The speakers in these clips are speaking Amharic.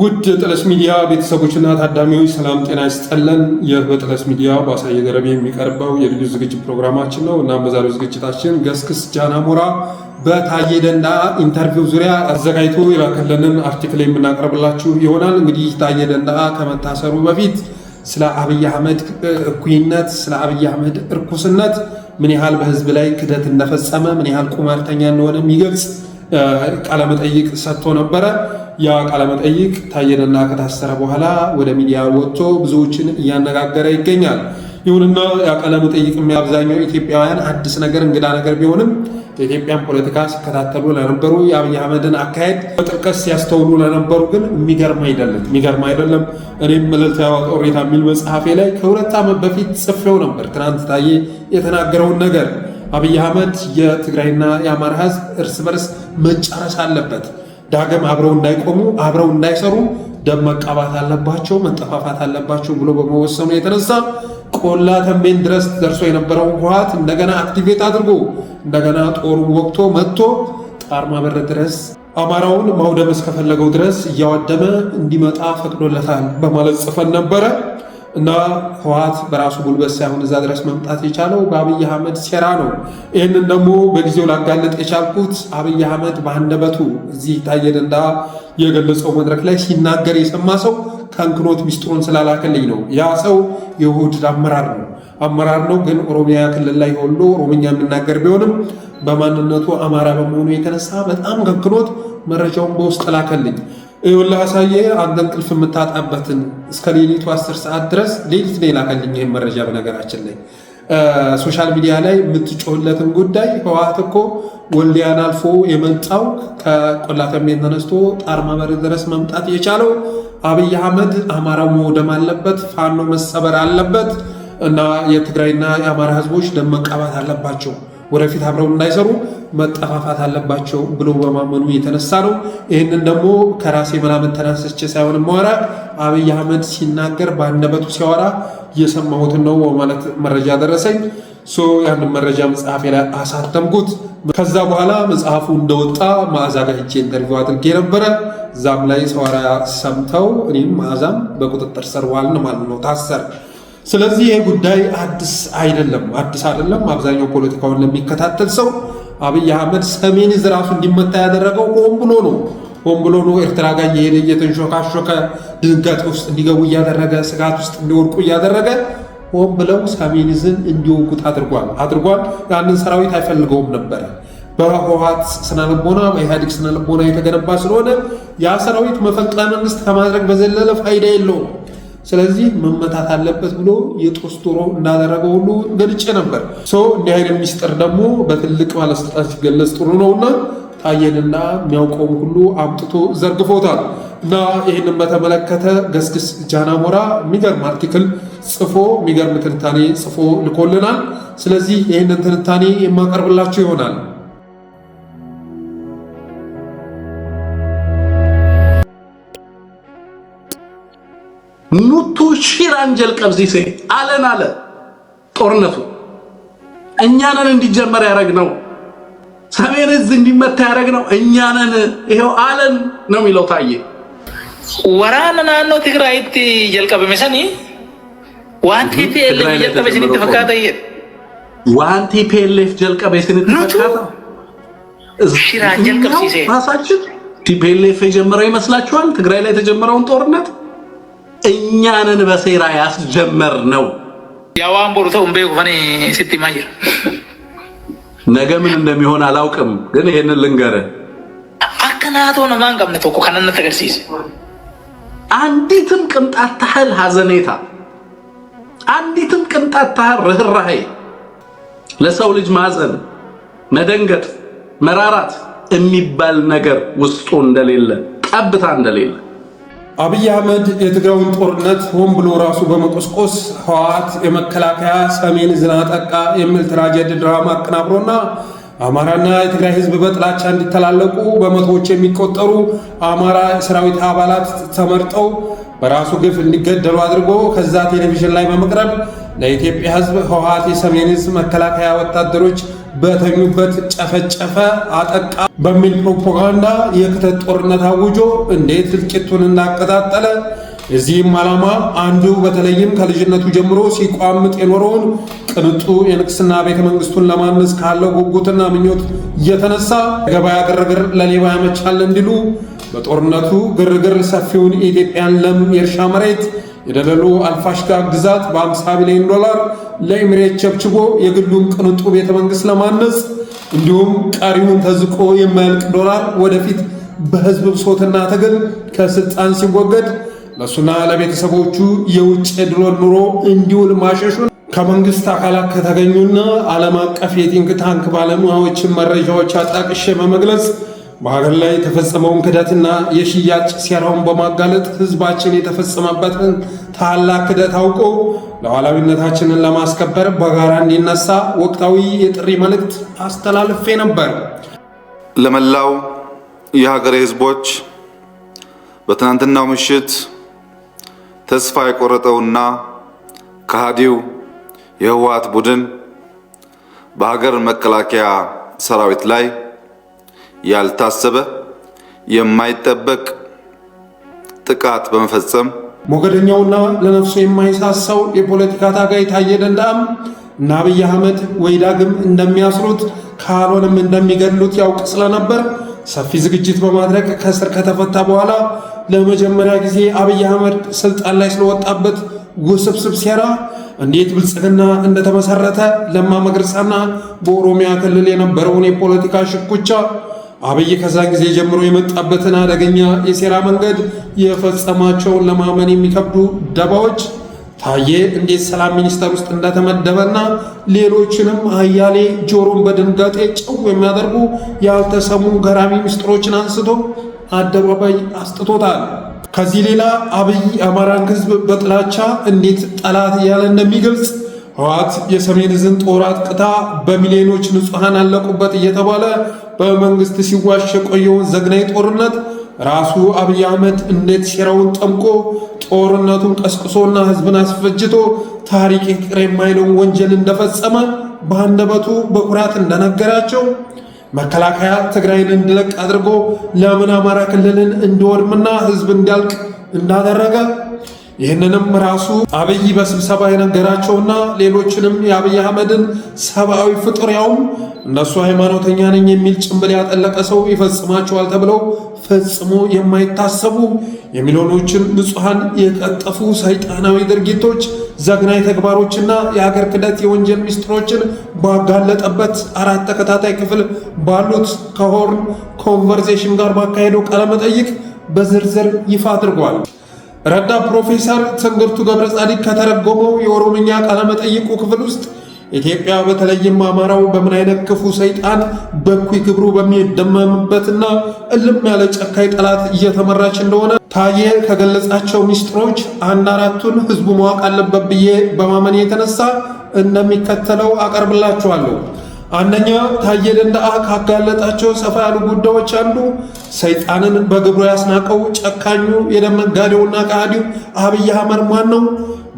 ውድ ጥለስ ሚዲያ ቤተሰቦችና ታዳሚዎች ሰላም ጤና ይስጠለን። ይህ በጥለስ ሚዲያ በአሳየ ደረቤ የሚቀርበው የልዩ ዝግጅት ፕሮግራማችን ነው። እናም በዛሬው ዝግጅታችን ገስክስ ጃናሞራ በታዬ ደንዳ ኢንተርቪው ዙሪያ አዘጋጅቶ የላከለንን አርቲክል የምናቀርብላችሁ ይሆናል። እንግዲህ ታዬ ደንዳ ከመታሰሩ በፊት ስለ አብይ አህመድ እኩይነት፣ ስለ አብይ አህመድ እርኩስነት፣ ምን ያህል በህዝብ ላይ ክደት እንደፈጸመ፣ ምን ያህል ቁማርተኛ እንደሆነ የሚገልጽ ቃለመጠይቅ ሰጥቶ ነበረ። ያ መጠይቅ ታየንና ከታሰረ በኋላ ወደ ሚዲያ ወጥቶ ብዙዎችን እያነጋገረ ይገኛል። ይሁንና ያ መጠይቅ የሚያብዛኛው ኢትዮጵያውያን አዲስ ነገር እንግዳ ነገር ቢሆንም የኢትዮጵያን ፖለቲካ ሲከታተሉ ለነበሩ የአብይ አህመድን አካሄድ በጥልቀት ሲያስተውሉ ለነበሩ ግን የሚገርም አይደለም፣ የሚገርም አይደለም። እኔም እልልታ ጦሬታ የሚል መጽሐፌ ላይ ከሁለት ዓመት በፊት ጽፌው ነበር። ትናንት ታዬ የተናገረውን ነገር አብይ አህመድ የትግራይና የአማራ ህዝብ እርስ በርስ መጨረስ አለበት ዳግም አብረው እንዳይቆሙ አብረው እንዳይሰሩ ደም መቀባት አለባቸው መጠፋፋት አለባቸው ብሎ በመወሰኑ የተነሳ ቆላ ተንቤን ድረስ ደርሶ የነበረው ውሃት እንደገና አክቲቬት አድርጎ እንደገና ጦሩ ወቅቶ መጥቶ ጣርማ በር ድረስ አማራውን ማውደም እስከፈለገው ድረስ እያወደመ እንዲመጣ ፈቅዶለታል በማለት ጽፈን ነበረ። እና ህወሓት በራሱ ጉልበት ሳይሆን እዛ ድረስ መምጣት የቻለው በአብይ አህመድ ሴራ ነው። ይህንን ደግሞ በጊዜው ላጋለጥ የቻልኩት አብይ አህመድ በአንደበቱ እዚህ ታየ የገለጸው መድረክ ላይ ሲናገር የሰማ ሰው ከንክኖት ሚስጥሩን ስላላከልኝ ነው። ያ ሰው የውህድ አመራር ነው አመራር ነው። ግን ኦሮሚያ ክልል ላይ ሆሎ ኦሮምኛ የሚናገር ቢሆንም በማንነቱ አማራ በመሆኑ የተነሳ በጣም ከንክኖት መረጃውን በውስጥ ላከልኝ። ይኸውልህ አሳየህ አንተ እንቅልፍ የምታጣበትን እስከ ሌሊቱ አስር ሰዓት ድረስ ሌሊት ነው የላከልኝ ይህን መረጃ። በነገራችን ላይ ሶሻል ሚዲያ ላይ የምትጮህለትን ጉዳይ ህወሓት እኮ ወልዲያን አልፎ የመጣው ከቆላ ከሜን ተነስቶ ጣርማበር ድረስ መምጣት የቻለው አብይ አህመድ አማራው መውደም አለበት፣ ፋኖ መሰበር አለበት እና የትግራይና የአማራ ህዝቦች ደም መቃባት አለባቸው ወደፊት አብረው እንዳይሰሩ መጠፋፋት አለባቸው ብሎ በማመኑ የተነሳ ነው። ይህንን ደግሞ ከራሴ ምናምን ተናስቼ ሳይሆን ማወራ አብይ አህመድ ሲናገር ባነበቱ ሲያወራ እየሰማሁትን ነው ማለት መረጃ ደረሰኝ። ያን መረጃ መጽሐፌ ላይ አሳተምኩት። ከዛ በኋላ መጽሐፉ እንደወጣ መዓዛ ጋር ሂጄ ኢንተርቪው አድርጌ ነበረ። እዛም ላይ ሰዋራ ሰምተው እኔም መዓዛም በቁጥጥር ስር ዋልን ማለት ነው ታሰር ስለዚህ ይህ ጉዳይ አዲስ አይደለም፣ አዲስ አይደለም። አብዛኛው ፖለቲካውን ለሚከታተል ሰው አብይ አህመድ ሰሜን እዝ ራሱ እንዲመታ ያደረገው ሆን ብሎ ነው። ሆን ብሎ ነው ኤርትራ ጋር እየሄደ እየተንሾካሾከ ድንገት ውስጥ እንዲገቡ እያደረገ ስጋት ውስጥ እንዲወድቁ እያደረገ ሆን ብለው ሰሜን እዝን እንዲወጉት አድርጓል አድርጓል። ያንን ሰራዊት አይፈልገውም ነበረ። በህወሓት ስነልቦና በኢህአዴግ ስነልቦና የተገነባ ስለሆነ ያ ሰራዊት መፈንቅለ መንግስት ከማድረግ በዘለለ ፋይዳ የለውም። ስለዚህ መመታት አለበት ብሎ የጦስ ዶሮ እንዳደረገው ሁሉ ገልጬ ነበር። ሰው እንዲህ አይነት ሚስጥር ደግሞ በትልቅ ባለስልጣን ሲገለጽ ጥሩ እና ታየንና የሚያውቀውም ሁሉ አምጥቶ ዘርግፎታል። እና ይህንን በተመለከተ ገስግስ ጃናሞራ የሚገርም አርቲክል ጽፎ የሚገርም ትንታኔ ጽፎ ልኮልናል። ስለዚህ ይህንን ትንታኔ የማቀርብላችሁ ይሆናል። ሺራን ጀልቀብዚ ሴ አለን አለ ጦርነቱ እኛንን እንዲጀመር ያደረግ ነው። ሰሜን እዝ እንዲመታ ያደረግ ነው። እኛንን ይሄው አለን ነው የሚለው ታዬ ወራን ናኖ ትግራይቲ ጀልቀብሜ ሰኒ ዋን ቲፒኤልኤፍ ጀልቀቤ ስኒት ፈካታ ዋን ቲፒኤልኤፍ ጀልቀቤ ስኒት ፈካታ ራሳችን ቲፒኤልኤፍ የጀመረው ይመስላችኋል? ትግራይ ላይ የተጀመረውን ጦርነት እኛንን በሴራ ያስጀመር ነው። ነገ ምን እንደሚሆን አላውቅም፣ ግን ይሄንን ልንገርህ አንዲትም ቅንጣት ታህል ሐዘኔታ አንዲትም ቅንጣት ታህል ርኅራሄ ለሰው ልጅ ማዘን፣ መደንገጥ፣ መራራት የሚባል ነገር ውስጡ እንደሌለ ጠብታ እንደሌለ አብይ አህመድ የትግራውን ጦርነት ሆን ብሎ ራሱ በመቆስቆስ ህወሓት የመከላከያ ሰሜን ዝና ጠቃ የሚል ትራጀዲ ድራማ አቀናብሮና አማራና የትግራይ ህዝብ በጥላቻ እንዲተላለቁ በመቶዎች የሚቆጠሩ አማራ ሰራዊት አባላት ተመርጠው በራሱ ግፍ እንዲገደሉ አድርጎ ከዛ ቴሌቪዥን ላይ በመቅረብ ለኢትዮጵያ ህዝብ ህወሓት የሰሜን ህዝብ መከላከያ ወታደሮች በተኙበት ጨፈጨፈ፣ አጠቃ በሚል ፕሮፓጋንዳ የክተት ጦርነት አውጆ እንዴት እልቂቱን እንዳቀጣጠለ የዚህም ዓላማ አንዱ በተለይም ከልጅነቱ ጀምሮ ሲቋምጥ የኖረውን ቅንጡ የንግስና ቤተ መንግስቱን ለማነጽ ካለው ጉጉትና ምኞት እየተነሳ የገበያ ግርግር ለሌባ ያመቻል እንዲሉ በጦርነቱ ግርግር ሰፊውን የኢትዮጵያን ለም የእርሻ መሬት የደለሉ አልፋሽጋ ግዛት በ50 ቢሊዮን ዶላር ለኢሚሬት ቸብችቦ የግሉን ቅንጡ ቤተ መንግሥት ለማነጽ እንዲሁም ቀሪውን ተዝቆ የማያልቅ ዶላር ወደፊት በህዝብ ብሶትና ትግል ከስልጣን ሲወገድ ለእሱና ለቤተሰቦቹ የውጭ ድሮ ኑሮ እንዲውል ማሸሹን ከመንግስት አካላት ከተገኙና ዓለም አቀፍ የቲንክ ታንክ ባለሙያዎችን መረጃዎች አጣቅሼ በመግለጽ በሀገር ላይ የተፈጸመውን ክደትና የሽያጭ ሴራውን በማጋለጥ ህዝባችን የተፈጸመበትን ታላቅ ክደት አውቆ ሉዓላዊነታችንን ለማስከበር በጋራ እንዲነሳ ወቅታዊ የጥሪ መልእክት አስተላልፌ ነበር። ለመላው የሀገሬ ህዝቦች በትናንትናው ምሽት ተስፋ የቆረጠውና ከሃዲው የህወሓት ቡድን በሀገር መከላከያ ሰራዊት ላይ ያልታሰበ የማይጠበቅ ጥቃት በመፈጸም ሞገደኛውና ለነፍሱ የማይሳሳው የፖለቲካ ታጋይ ታየ ደንዳአም እና አብይ አህመድ ወይ ዳግም እንደሚያስሩት ካልሆነም እንደሚገድሉት ያውቅ ስለነበር ሰፊ ዝግጅት በማድረግ ከእስር ከተፈታ በኋላ ለመጀመሪያ ጊዜ አብይ አህመድ ስልጣን ላይ ስለወጣበት ውስብስብ ሴራ እንዴት ብልጽግና እንደተመሰረተ ለማ መገርሳና በኦሮሚያ ክልል የነበረውን የፖለቲካ ሽኩቻ አብይ ከዛ ጊዜ ጀምሮ የመጣበትን አደገኛ የሴራ መንገድ የፈጸማቸውን ለማመን የሚከብዱ ደባዎች ታዬ እንዴት ሰላም ሚኒስቴር ውስጥ እንደተመደበና ሌሎችንም አያሌ ጆሮን በድንጋጤ ጭው የሚያደርጉ ያልተሰሙ ገራሚ ምስጢሮችን አንስቶ አደባባይ አስጥቶታል። ከዚህ ሌላ አብይ አማራን ሕዝብ በጥላቻ እንዴት ጠላት እያለ እንደሚገልጽ ህወሓት የሰሜን ዕዝን ጦር አጥቅታ በሚሊዮኖች ንጹሐን አለቁበት እየተባለ በመንግስት ሲዋሽ የቆየውን ዘግናይ ጦርነት ራሱ አብይ አህመድ እንዴት ሴራውን ጠምቆ ጦርነቱን ቀስቅሶና ህዝብን አስፈጅቶ ታሪክ ይቅር የማይለውን ወንጀል እንደፈጸመ በአንደበቱ በኩራት እንደነገራቸው መከላከያ ትግራይን እንዲለቅ አድርጎ ለምን አማራ ክልልን እንዲወድምና ህዝብ እንዲያልቅ እንዳደረገ ይህንንም ራሱ አብይ በስብሰባ የነገራቸውና ሌሎችንም የአብይ አህመድን ሰብአዊ ፍጡር ያውም እነሱ ሃይማኖተኛ ነኝ የሚል ጭንብል ያጠለቀ ሰው ይፈጽማቸዋል ተብለው ፈጽሞ የማይታሰቡ የሚሊዮኖችን ንጹሐን የቀጠፉ ሰይጣናዊ ድርጊቶች፣ ዘግናይ ተግባሮችና የሀገር ክደት የወንጀል ሚስጥሮችን ባጋለጠበት አራት ተከታታይ ክፍል ባሉት ከሆርን ኮንቨርሴሽን ጋር ባካሄደው ቃለመጠይቅ በዝርዝር ይፋ አድርጓል። ረዳት ፕሮፌሰር ትንግርቱ ገብረ ጻዲቅ ከተረጎመው የኦሮምኛ ቃለመጠይቁ ክፍል ውስጥ ኢትዮጵያ በተለይም አማራው በምን አይነት ክፉ ሰይጣን በኩይ ክብሩ በሚደመምበትና እልም ያለ ጨካይ ጠላት እየተመራች እንደሆነ ታዬ ከገለጻቸው ሚስጥሮች አንድ አራቱን ህዝቡ ማወቅ አለበት ብዬ በማመን የተነሳ እንደሚከተለው አቀርብላችኋለሁ። አንደኛ ታየ ደንደዓ ካጋለጣቸው ሰፋ ያሉ ጉዳዮች አንዱ ሰይጣንን በግብሩ ያስናቀው ጨካኙ የደም ነጋዴውና ከሃዲው አብይ አህመድ ማን ነው?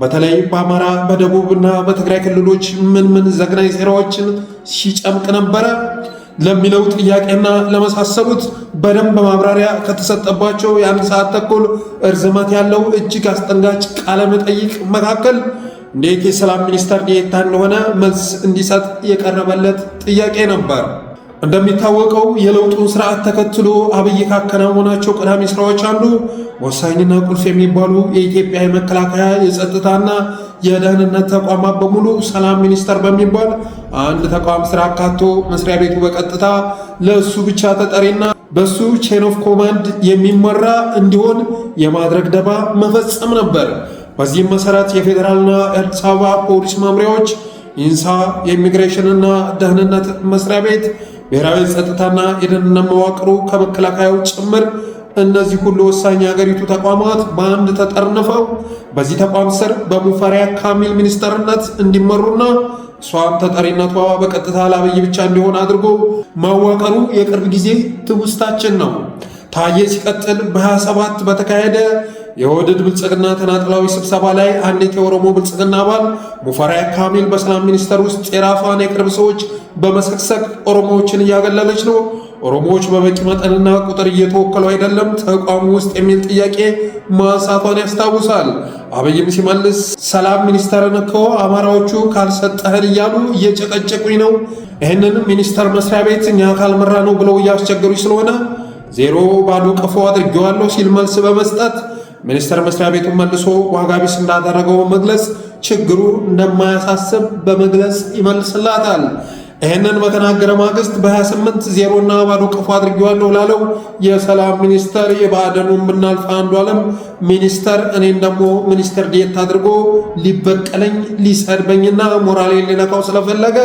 በተለይ በአማራ በደቡብና በትግራይ ክልሎች ምን ምን ዘግናኝ ሴራዎችን ሲጨምቅ ነበረ ለሚለው ጥያቄና ለመሳሰሉት በደንብ ማብራሪያ ከተሰጠባቸው የአንድ ሰዓት ተኩል እርዝመት ያለው እጅግ አስጠንጋጭ ቃለ መጠይቅ መካከል እንዴት የሰላም ሚኒስተር ዴኤታ እንደሆነ መልስ እንዲሰጥ የቀረበለት ጥያቄ ነበር። እንደሚታወቀው የለውጡን ስርዓት ተከትሎ አብይ ካከናወናቸው ቀዳሚ ስራዎች አንዱ ወሳኝና ቁልፍ የሚባሉ የኢትዮጵያ የመከላከያ የጸጥታና የደህንነት ተቋማት በሙሉ ሰላም ሚኒስተር በሚባል አንድ ተቋም ስራ አካቶ መስሪያ ቤቱ በቀጥታ ለእሱ ብቻ ተጠሪና በሱ ቼን ኦፍ ኮማንድ የሚመራ እንዲሆን የማድረግ ደባ መፈጸም ነበር። በዚህም መሰረት የፌዴራልና አዲስ አበባ ፖሊስ መምሪያዎች፣ ኢንሳ፣ የኢሚግሬሽንና ደህንነት መስሪያ ቤት፣ ብሔራዊ ጸጥታና የደህንነት መዋቅሩ ከመከላከያው ጭምር እነዚህ ሁሉ ወሳኝ የሀገሪቱ ተቋማት በአንድ ተጠርንፈው በዚህ ተቋም ስር በሙፈሪያ ካሚል ሚኒስተርነት እንዲመሩና እሷም ተጠሪነቷ በቀጥታ ለአብይ ብቻ እንዲሆን አድርጎ ማዋቀሩ የቅርብ ጊዜ ትውስታችን ነው። ታዬ ሲቀጥል በ27 በተካሄደ የወደድ ብልጽግና ተናጥላዊ ስብሰባ ላይ አንዲት የኦሮሞ ብልጽግና አባል ሙፈሪያት ካሚል በሰላም ሚኒስቴር ውስጥ የራሷን የቅርብ ሰዎች በመሰቅሰቅ ኦሮሞዎችን እያገለለች ነው፣ ኦሮሞዎች በበቂ መጠንና ቁጥር እየተወከሉ አይደለም ተቋሙ ውስጥ የሚል ጥያቄ ማንሳቷን ያስታውሳል። አብይም ሲመልስ ሰላም ሚኒስቴርን እኮ አማራዎቹ ካልሰጠህን እያሉ እየጨቀጨቁኝ ነው፣ ይህንን ሚኒስቴር መስሪያ ቤት እኛ ካልመራ ነው ብለው እያስቸገሩኝ ስለሆነ ዜሮ ባዶ ቀፎ አድርጌዋለሁ ሲል መልስ በመስጠት ሚኒስቴር መስሪያ ቤቱ መልሶ ዋጋ ቢስ እንዳደረገው መግለጽ ችግሩ እንደማያሳስብ በመግለጽ ይመልስላታል። ይህንን በተናገረ ማግስት በ28 ዜሮና ባዶ ቀፎ አድርጌዋለሁ ላለው የሰላም ሚኒስተር የባዕደኑን ብናልፍ አንዱ ዓለም ሚኒስተር እኔን ደግሞ ሚኒስተር ዴት አድርጎ ሊበቀለኝ ሊሰድበኝና ሞራሌን ሊነካው ስለፈለገ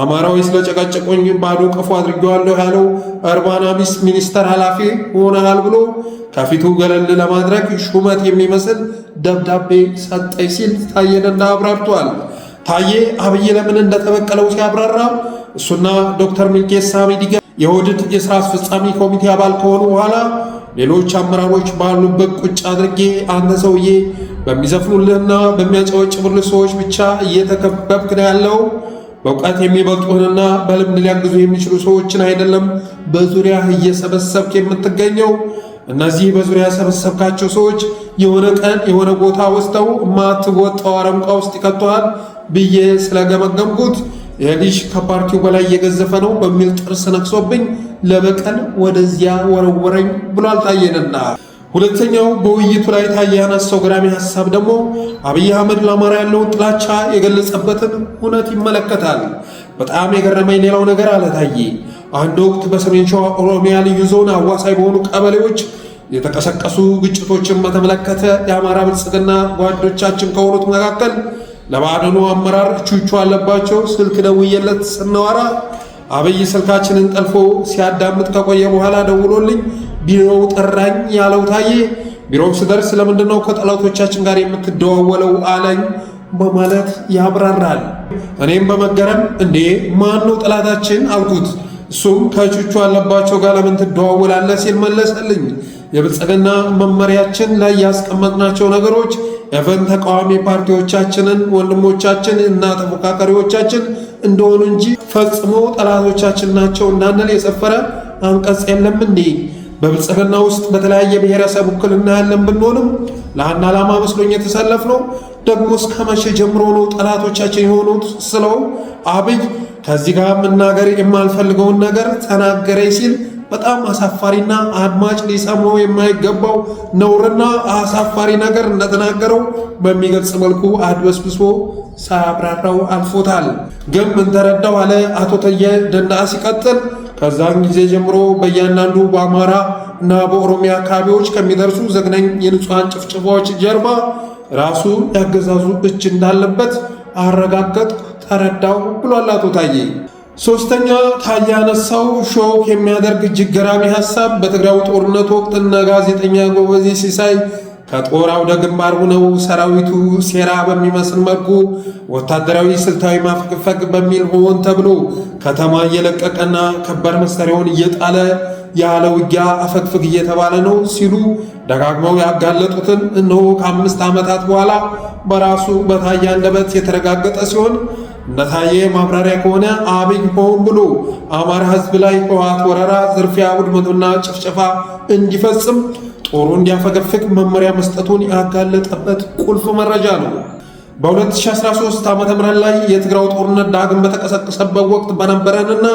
አማራዊ ስለጨቀጨቆኝ ባዶ ቀፎ አድርጌዋለሁ ያለው እርባና ቢስ ሚኒስተር ኃላፊ ሆነሃል ብሎ ከፊቱ ገለል ለማድረግ ሹመት የሚመስል ደብዳቤ ሰጠኝ ሲል ታየ አብራርቷል። ታዬ አብይ ለምን እንደተበቀለው ሲያብራራ እሱና ዶክተር ሚልኬሳ ሚዲጋ የውድድ የሥራ አስፈጻሚ ኮሚቴ አባል ከሆኑ በኋላ ሌሎች አመራሮች ባሉበት ቁጭ አድርጌ አንተ ሰውዬ በሚዘፍኑልህና በሚያጨወጭቡልህ ሰዎች ብቻ እየተከበብክ ነው ያለው በእውቀት የሚበልጡህንና በልምድ ሊያግዙ የሚችሉ ሰዎችን አይደለም በዙሪያ እየሰበሰብክ የምትገኘው። እነዚህ በዙሪያ ሰበሰብካቸው ሰዎች የሆነ ቀን የሆነ ቦታ ወስደው ማትወጣው አረንቋ ውስጥ ይከተዋል ብዬ ስለገመገምኩት የልጅ ከፓርቲው በላይ እየገዘፈ ነው በሚል ጥርስ ነቅሶብኝ ለበቀል ወደዚያ ወረወረኝ ብሎ አልታየንና ሁለተኛው በውይይቱ ላይ ታየ ያነሳው ገራሚ ሀሳብ ደግሞ አብይ አህመድ ለአማራ ያለውን ጥላቻ የገለጸበትን እውነት ይመለከታል። በጣም የገረመኝ ሌላው ነገር አለ አንድ ወቅት በሰሜን ሸዋ ኦሮሚያ ልዩ ዞን አዋሳኝ በሆኑ ቀበሌዎች የተቀሰቀሱ ግጭቶችን በተመለከተ የአማራ ብልጽግና ጓዶቻችን ከሆኑት መካከል ለባዕድኑ አመራር እቹቹ አለባቸው ስልክ ደውዬለት ስናወራ አብይ ስልካችንን ጠልፎ ሲያዳምጥ ከቆየ በኋላ ደውሎልኝ ቢሮው ጠራኝ ያለው ታዬ ቢሮው ስደርስ ለምንድን ነው ከጠላቶቻችን ጋር የምትደዋወለው አለኝ በማለት ያብራራል። እኔም በመገረም እንዴ ማን ነው ጠላታችን አልኩት። እሱም ከቹቹ አለባቸው ጋር ለምን ትደዋወላለህ ሲል መለሰልኝ። የብልጽግና መመሪያችን ላይ ያስቀመጥናቸው ነገሮች ኤቨን ተቃዋሚ ፓርቲዎቻችንን ወንድሞቻችን እና ተፎካካሪዎቻችን እንደሆኑ እንጂ ፈጽሞ ጠላቶቻችን ናቸው እንዳንል የሰፈረ አንቀጽ የለም እንዴ? በብልጽግና ውስጥ በተለያየ ብሔረሰብ ውክልና ያለን ብንሆንም ለአንድ ዓላማ መስሎኝ ነው። ደግሞ እስከ መቼ ጀምሮ ነው ጠላቶቻችን የሆኑት ስለው አብይ ከዚህ ጋር መናገር የማልፈልገውን ነገር ተናገረኝ ሲል በጣም አሳፋሪና አድማጭ ሊሰማው የማይገባው ነውርና አሳፋሪ ነገር እንደተናገረው በሚገልጽ መልኩ አድበስብሶ ሳያብራራው አልፎታል። ግን ምን ተረዳው አለ አቶ ታዬ ደንዳ ሲቀጥል ከዛን ጊዜ ጀምሮ በእያንዳንዱ በአማራ እና በኦሮሚያ አካባቢዎች ከሚደርሱ ዘግናኝ የንጹሐን ጭፍጭፋዎች ጀርባ ራሱ ያገዛዙ እጅ እንዳለበት አረጋገጥ ተረዳው ብሏል አቶ ታዬ። ሶስተኛ ካያነሳው ሾክ የሚያደርግ እጅግ ገራሚ ሀሳብ በትግራዩ ጦርነት ወቅት እነ ጋዜጠኛ ጎበዜ ሲሳይ ከጦር አውደ ግንባር ሆነው ሰራዊቱ ሴራ በሚመስል መልኩ ወታደራዊ ስልታዊ ማፈግፈግ በሚል ሆን ተብሎ ከተማ እየለቀቀና ከባድ መሳሪያውን እየጣለ ያለ ውጊያ አፈግፍግ እየተባለ ነው ሲሉ ደጋግመው ያጋለጡትን እነሆ ከአምስት ዓመታት በኋላ በራሱ በታያ አንደበት የተረጋገጠ ሲሆን እነታዬ ማብራሪያ ከሆነ አብይ ሆን ብሎ አማራ ሕዝብ ላይ ህወሓት ወረራ፣ ዝርፊያ፣ ውድመቱና ጭፍጨፋ እንዲፈጽም ጦሩ እንዲያፈገፍግ መመሪያ መስጠቱን ያጋለጠበት ቁልፍ መረጃ ነው። በ2013 ዓ ም ላይ የትግራው ጦርነት ዳግም በተቀሰቀሰበት ወቅት በነበረንና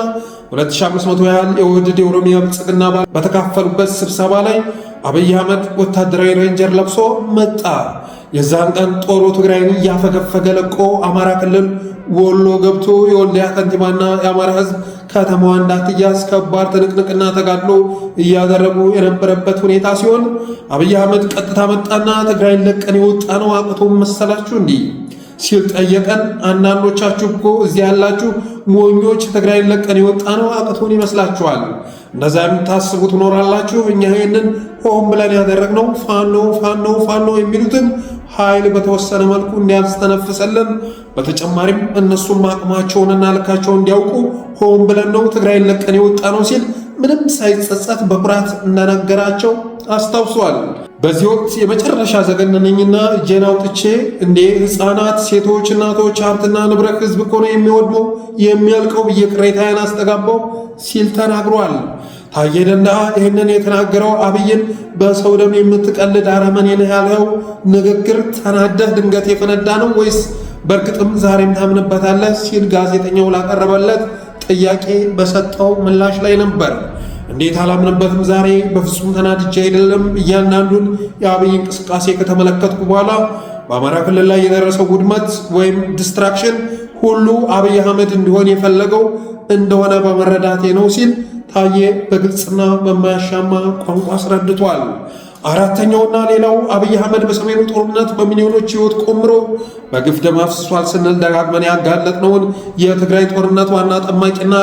2500 ያህል የውህድድ የኦሮሚያ ብልጽግና በተካፈሉበት ስብሰባ ላይ አብይ አህመድ ወታደራዊ ሬንጀር ለብሶ መጣ። የዛን ቀን ጦሩ ትግራይን እያፈገፈገ ለቆ አማራ ክልል ወሎ ገብቶ የወልዲያ ከንቲባና የአማራ ሕዝብ ከተማዋ እንዳትያዝ ከባድ ትንቅንቅና ተጋድሎ እያደረጉ የነበረበት ሁኔታ ሲሆን አብይ አህመድ ቀጥታ መጣና ትግራይን ለቀን የወጣ ነው አቅቶ መሰላችሁ እንዲህ ሲል ጠየቀን። አንዳንዶቻችሁ እኮ እዚህ ያላችሁ ሞኞች ትግራይን ለቀን የወጣ ነው አቅቶን ይመስላችኋል። እንደዛ የምታስቡ ትኖራላችሁ። እኛ ይህንን ሆን ብለን ያደረግነው ፋኖ ፋኖ ፋኖ የሚሉትን ኃይል በተወሰነ መልኩ እንዲያስተነፍሰልን በተጨማሪም እነሱም አቅማቸውንና ልካቸውን እንዲያውቁ ሆን ብለን ነው ትግራይን ለቀን የወጣ ነው ሲል ምንም ሳይጸጸት በኩራት እንደነገራቸው አስታውሷል። በዚህ ወቅት የመጨረሻ ዘገነነኝና እጄን አውጥቼ እንዴ ሕፃናት፣ ሴቶች፣ እናቶች፣ ሀብትና ንብረት ህዝብ እኮ ነው የሚወድመው የሚያልቀው ብዬ ቅሬታዬን አስተጋባው ሲል ተናግሯል። ታዬ ይህንን የተናገረው አብይን በሰው ደም የምትቀልድ አረመኔ ነህ ያለው ንግግር ተናደህ ድንገት የፈነዳ ነው ወይስ በእርግጥም ዛሬም ታምንበታለህ? ሲል ጋዜጠኛው ላቀረበለት ጥያቄ በሰጠው ምላሽ ላይ ነበር። እንዴት አላምንበትም? ዛሬ በፍጹም ተናድጄ አይደለም። እያንዳንዱን የአብይ እንቅስቃሴ ከተመለከትኩ በኋላ በአማራ ክልል ላይ የደረሰው ውድመት ወይም ዲስትራክሽን ሁሉ አብይ አህመድ እንዲሆን የፈለገው እንደሆነ በመረዳቴ ነው ሲል ታዬ በግልጽና በማያሻማ ቋንቋ አስረድቷል። አራተኛውና ሌላው አብይ አህመድ በሰሜኑ ጦርነት በሚሊዮኖች ህይወት ቆምሮ በግፍ ደም አፍስሷል ስንል ደጋግመን ያጋለጥነውን የትግራይ ጦርነት ዋና ጠማቂና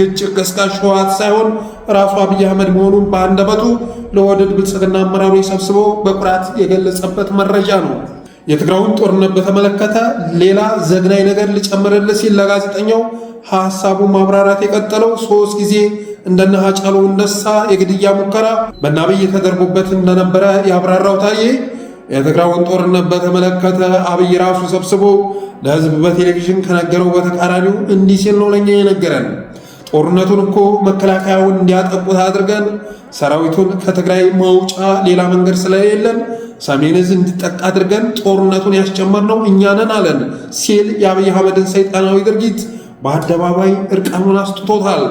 ግጭት ቀስቃሽ ህወሓት ሳይሆን ራሱ አብይ አህመድ መሆኑን በአንደበቱ ለወደድ ብልጽግና አመራሮች ሰብስቦ በኩራት የገለጸበት መረጃ ነው። የትግራዩን ጦርነት በተመለከተ ሌላ ዘግናይ ነገር ልጨምርልህ ሲል ለጋዜጠኛው ሐሳቡ ማብራራት የቀጠለው ሶስት ጊዜ እንደነ ሃጫሉ ሁንዴሳ የግድያ ሙከራ በአብይ ተደርጎበት እንደነበረ ያብራራው ታዬ የትግራውን ጦርነት በተመለከተ አብይ ራሱ ሰብስቦ ለህዝብ በቴሌቪዥን ከነገረው በተቃራኒው እንዲህ ሲል ነው ለኛ የነገረን። ጦርነቱን እኮ መከላከያውን እንዲያጠቁት አድርገን ሰራዊቱን ከትግራይ መውጫ ሌላ መንገድ ስለሌለን ሰሜን ዕዝ እንዲጠቃ አድርገን ጦርነቱን ያስጨመርነው እኛንን አለን ሲል የአብይ አህመድን ሰይጣናዊ ድርጊት በአደባባይ እርቃኑን አስጥቶታል።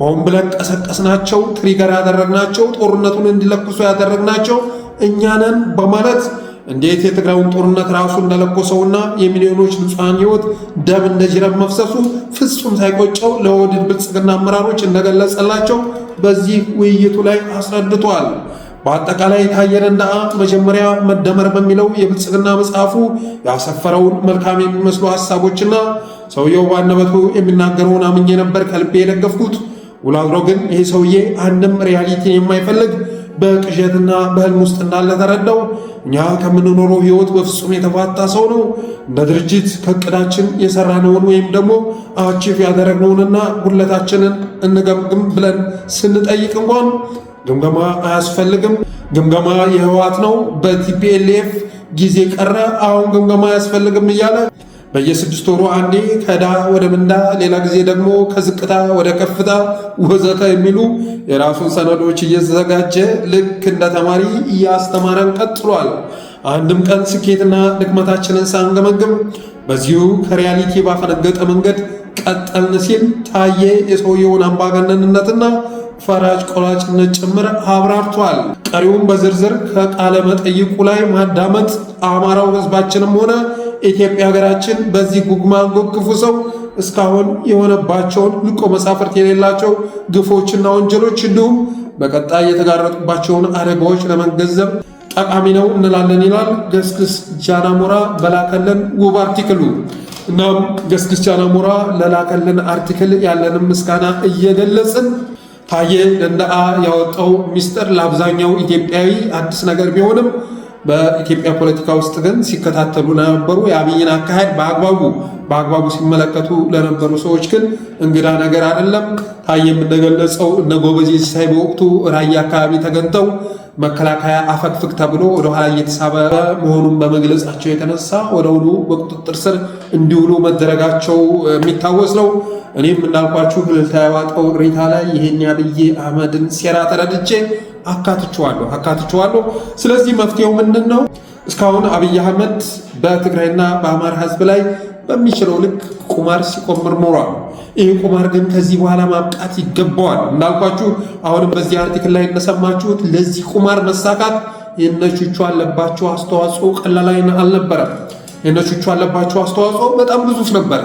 ሆን ብለን ቀሰቀስናቸው፣ ትሪገር ያደረግናቸው፣ ጦርነቱን እንዲለኩሱ ያደረግናቸው እኛንን በማለት እንዴት የትግራዩን ጦርነት ራሱ እንደለኮሰውና የሚሊዮኖች ንጹሐን ሕይወት ደም እንደ ጅረብ መፍሰሱ ፍጹም ሳይቆጨው ለወድድ ብልጽግና አመራሮች እንደገለጸላቸው በዚህ ውይይቱ ላይ አስረድቷል። በአጠቃላይ ታየነና መጀመሪያ መደመር በሚለው የብልጽግና መጽሐፉ ያሰፈረውን መልካም የሚመስሉ ሀሳቦችና ሰውየው ባንደበቱ የሚናገረውን አምኜ ነበር ከልቤ የደገፍኩት። ውላድሮ ግን ይህ ሰውዬ አንድም ሪያሊቲን የማይፈልግ በቅዠትና በህልም ውስጥ እንዳለ ተረዳው። እኛ ከምንኖረው ህይወት በፍጹም የተፋታ ሰው ነው። እንደ ድርጅት ከእቅዳችን የሰራነውን ወይም ደግሞ አቺፍ ያደረግነውንና ጉለታችንን እንገምግም ብለን ስንጠይቅ እንኳን ግምገማ አያስፈልግም፣ ግምገማ የህወሓት ነው፣ በቲፒኤልኤፍ ጊዜ ቀረ፣ አሁን ግምገማ አያስፈልግም እያለ በየስድስት ወሩ አንዴ ከዳ ወደ ምንዳ፣ ሌላ ጊዜ ደግሞ ከዝቅታ ወደ ከፍታ ወዘተ የሚሉ የራሱን ሰነዶች እየተዘጋጀ ልክ እንደ ተማሪ እያስተማረን ቀጥሏል። አንድም ቀን ስኬትና ድክመታችንን ሳንገመግም በዚሁ ከሪያሊቲ ባፈነገጠ መንገድ ቀጠልን ሲል ታየ የሰውየውን አምባገነንነትና ፈራጅ ቆራጭነት ጭምር አብራርቷል። ቀሪውን በዝርዝር ከቃለ መጠይቁ ላይ ማዳመጥ አማራው ህዝባችንም ሆነ ኢትዮጵያ ሀገራችን በዚህ ጉግማንጎግ ክፉ ሰው እስካሁን የሆነባቸውን ልቆ መሳፍርት የሌላቸው ግፎችና ወንጀሎች እንዲሁም በቀጣይ የተጋረጡባቸውን አደጋዎች ለመገንዘብ ጠቃሚ ነው እንላለን ይላል ገስግስ ጃናሞራ በላከልን ውብ አርቲክሉ። እናም ገስግስ ጃናሞራ ለላከልን አርቲክል ያለንም ምስጋና እየገለጽን ታዬ ደንዳአ ያወጣው ሚስጥር ለአብዛኛው ኢትዮጵያዊ አዲስ ነገር ቢሆንም በኢትዮጵያ ፖለቲካ ውስጥ ግን ሲከታተሉ ለነበሩ የአብይን አካሄድ በአግባቡ በአግባቡ ሲመለከቱ ለነበሩ ሰዎች ግን እንግዳ ነገር አይደለም። ታየም እንደገለጸው እነ ጎበዜ ሲሳይ በወቅቱ ራያ አካባቢ ተገንተው መከላከያ አፈግፍግ ተብሎ ወደኋላ እየተሳበ መሆኑን በመግለጻቸው የተነሳ ወደውኑ በቁጥጥር ስር እንዲውሉ መደረጋቸው የሚታወስ ነው። እኔም እንዳልኳችሁ ግልታ ያዋጠው ሬታ ላይ ይሄን የአብይ አህመድን ሴራ ተረድቼ አካትቸዋለሁ አካትቸዋለሁ። ስለዚህ መፍትሄው ምንድን ነው? እስካሁን አብይ አህመድ በትግራይና በአማራ ህዝብ ላይ በሚችለው ልክ ቁማር ሲቆምር ኖሯል። ይህ ቁማር ግን ከዚህ በኋላ ማብቃት ይገባዋል። እንዳልኳችሁ አሁንም በዚህ አርቲክል ላይ እንደሰማችሁት ለዚህ ቁማር መሳካት የነቹቹ አለባቸው አስተዋጽኦ ቀላል አልነበረም። የነቹቹ አለባቸው አስተዋጽኦ በጣም ግዙፍ ነበረ።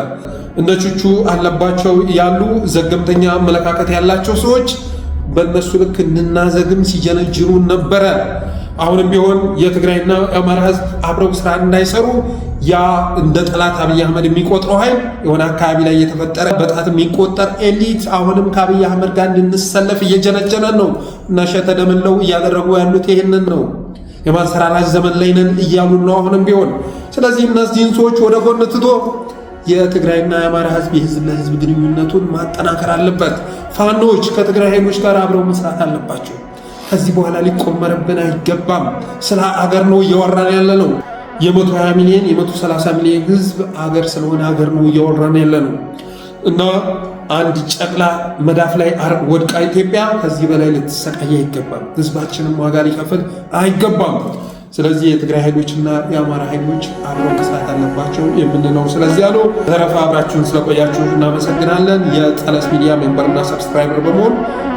እነቹቹ አለባቸው ያሉ ዘገምተኛ አመለካከት ያላቸው ሰዎች በእነሱ ልክ እንናዘግም ሲጀነጅኑ ነበረ። አሁንም ቢሆን የትግራይና የአማራ ህዝብ አብረው ስራ እንዳይሰሩ ያ እንደ ጠላት አብይ አህመድ የሚቆጥረው ኃይል የሆነ አካባቢ ላይ የተፈጠረ በጣት የሚቆጠር ኤሊት አሁንም ከአብይ አህመድ ጋር እንድንሰለፍ እየጀነጀነን ነው። እነሸተ ደምለው እያደረጉ ያሉት ይህንን ነው። የማንሰራራት ዘመን ላይ ነን እያሉን ነው አሁንም ቢሆን። ስለዚህ እነዚህን ሰዎች ወደ ጎን ትቶ የትግራይና የአማራ ህዝብ የህዝብ ለህዝብ ግንኙነቱን ማጠናከር አለበት። ፋኖች ከትግራይ ኃይሎች ጋር አብረው መስራት አለባቸው። ከዚህ በኋላ ሊቆመርብን አይገባም። ስለ አገር ነው እያወራን ያለ ነው። የ120 ሚሊዮን የ130 ሚሊዮን ህዝብ አገር ስለሆነ አገር ነው እያወራን ያለ ነው እና አንድ ጨቅላ መዳፍ ላይ ወድቃ ኢትዮጵያ ከዚህ በላይ ልትሰቃይ አይገባም። ህዝባችንም ዋጋ ሊከፍል አይገባም። ስለዚህ የትግራይ ኃይሎችና የአማራ ኃይሎች አብሮ መስራት አለባቸው የምንለው ስለዚህ ያሉ ተረፈ አብራችሁን ስለቆያችሁ እናመሰግናለን። የጠለስ ሚዲያ ሜምበርና ሰብስክራይበር በመሆን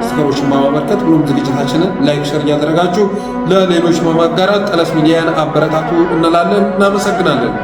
ስከሮችን በማበርከት ብሎም ዝግጅታችንን ላይክ፣ ሸር እያደረጋችሁ ለሌሎች በማጋራት ጠለስ ሚዲያን አበረታቱ እንላለን። እናመሰግናለን።